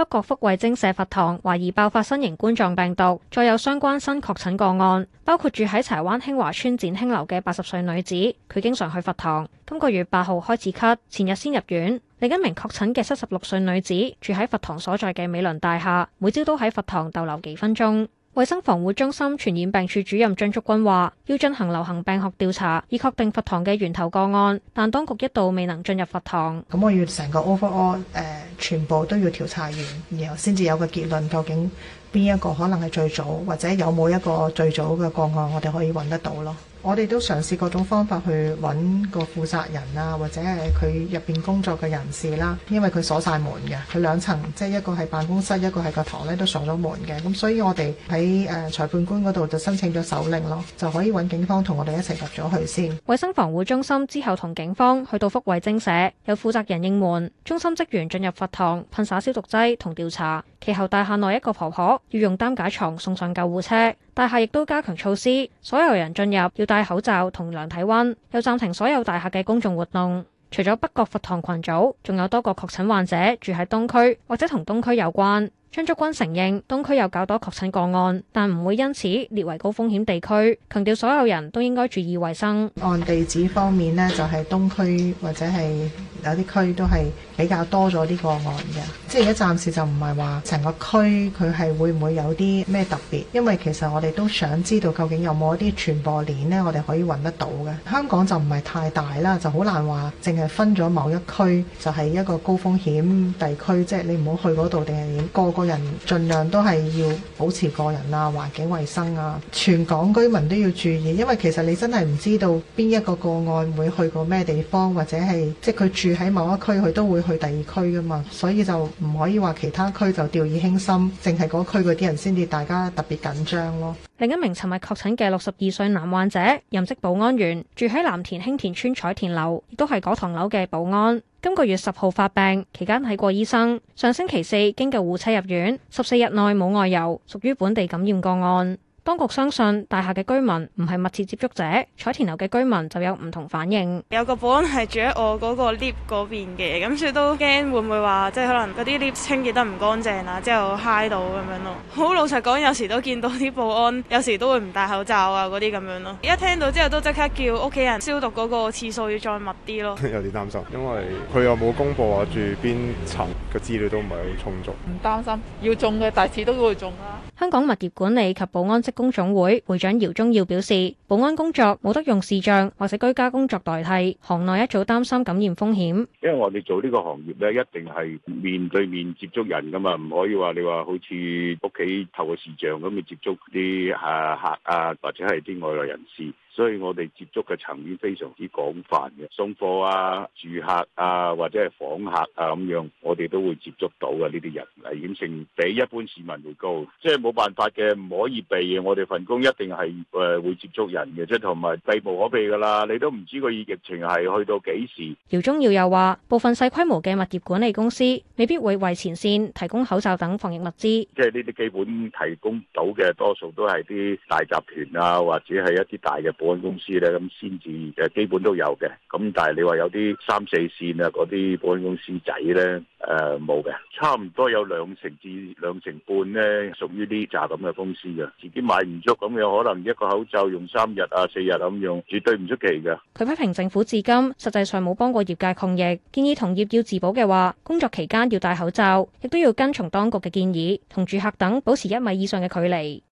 北角福慧精舍佛堂懷疑爆發新型冠狀病毒，再有相關新確診個案，包括住喺柴灣興華邨展興樓嘅八十歲女子，佢經常去佛堂，今個月八號開始咳，前日先入院。另一名確診嘅七十六歲女子住喺佛堂所在嘅美輪大廈，每朝都喺佛堂逗留幾分鐘。衛生防護中心傳染病處主任張竹君話，要進行流行病學調查，以確定佛堂嘅源頭個案，但當局一度未能進入佛堂。咁我要成個 overall，uh，全部都要調查完，然後先至有個結論，究竟邊一個可能係最早，或者有冇一個最早嘅個案，我哋可以揾得到咯。我哋都嘗試各種方法去揾個負責人啊，或者係佢入邊工作嘅人士啦。因為佢鎖晒門嘅，佢兩層即係一個係辦公室，一個係個堂咧都鎖咗門嘅。咁所以我哋喺誒裁判官嗰度就申請咗手令咯，就可以揾警方同我哋一齊入咗去先。衞生防護中心之後同警方去到福慧精舍，有負責人應門，中心職員進入佛堂噴灑消毒劑同調查。其後大廈內一個婆婆要用擔架床送上救護車。大廈亦都加強措施，所有人進入要戴口罩同量體溫，又暫停所有大廈嘅公眾活動。除咗北角佛堂群組，仲有多個確診患者住喺東區或者同東區有關。張竹君承認東區有較多確診個案，但唔會因此列為高風險地區，強調所有人都應該注意衛生。按地址方面呢，就係、是、東區或者係。有啲區都係比較多咗啲個案嘅，即係而家暫時就唔係話成個區佢係會唔會有啲咩特別，因為其實我哋都想知道究竟有冇一啲傳播鏈呢？我哋可以揾得到嘅。香港就唔係太大啦，就好難話淨係分咗某一區就係一個高風險地區，即係你唔好去嗰度定係點。個個人盡量都係要保持個人啊環境衞生啊，全港居民都要注意，因為其實你真係唔知道邊一個個案會去過咩地方，或者係即係佢住。住喺某一區，佢都會去第二區噶嘛，所以就唔可以話其他區就掉以輕心，淨係嗰區嗰啲人先至大家特別緊張咯。另一名尋日確診嘅六十二歲男患者，任職保安員，住喺藍田興田村彩田樓，亦都係嗰堂樓嘅保安。今個月十號發病，期間睇過醫生，上星期四經救護車入院，十四日內冇外遊，屬於本地感染個案。當局相信大廈嘅居民唔係密切接觸者，彩田樓嘅居民就有唔同反應。有個保安係住喺我嗰個 lift 嗰邊嘅，咁所以都驚會唔會話即係可能嗰啲 lift 清潔得唔乾淨啊，之後揩到咁樣咯。好老實講，有時都見到啲保安有時都會唔戴口罩啊嗰啲咁樣咯。一聽到之後都即刻叫屋企人消毒嗰個次數要再密啲咯。有啲擔心，因為佢又冇公布話住邊層嘅資料都唔係好充足。唔擔心，要種嘅大次都會種啦。啊、香港物業管理及保安。工總會會長姚忠耀表示，保安工作冇得用視像或者居家工作代替，行內一早擔心感染風險。因為我哋做呢個行業咧，一定係面對面接觸人噶嘛，唔可以話你話好似屋企透過視像咁去接觸啲吓客啊，或者係啲外來人士，所以我哋接觸嘅層面非常之廣泛嘅，送貨啊、住客啊，或者係訪客啊咁樣，我哋都會接觸到嘅呢啲人，危險性比一般市民會高，即係冇辦法嘅，唔可以避。我哋份工一定係誒會接觸人嘅，啫，同埋避無可避噶啦。你都唔知個疫情係去到幾時。姚宗耀又話，部分細規模嘅物業管理公司未必會為前線提供口罩等防疫物資，即係呢啲基本提供到嘅多數都係啲大集團啊，或者係一啲大嘅保安公司咧，咁先至誒基本都有嘅。咁但係你話有啲三四線啊，嗰啲保安公司仔咧誒冇嘅。差唔多有兩成至兩成半咧，屬於呢扎咁嘅公司嘅自己。賣唔足咁，有可能一個口罩用三日啊四日咁用，絕對唔出奇㗎。佢批評政府至今實際上冇幫過業界抗疫，建議同業要自保嘅話，工作期間要戴口罩，亦都要跟從當局嘅建議，同住客等保持一米以上嘅距離。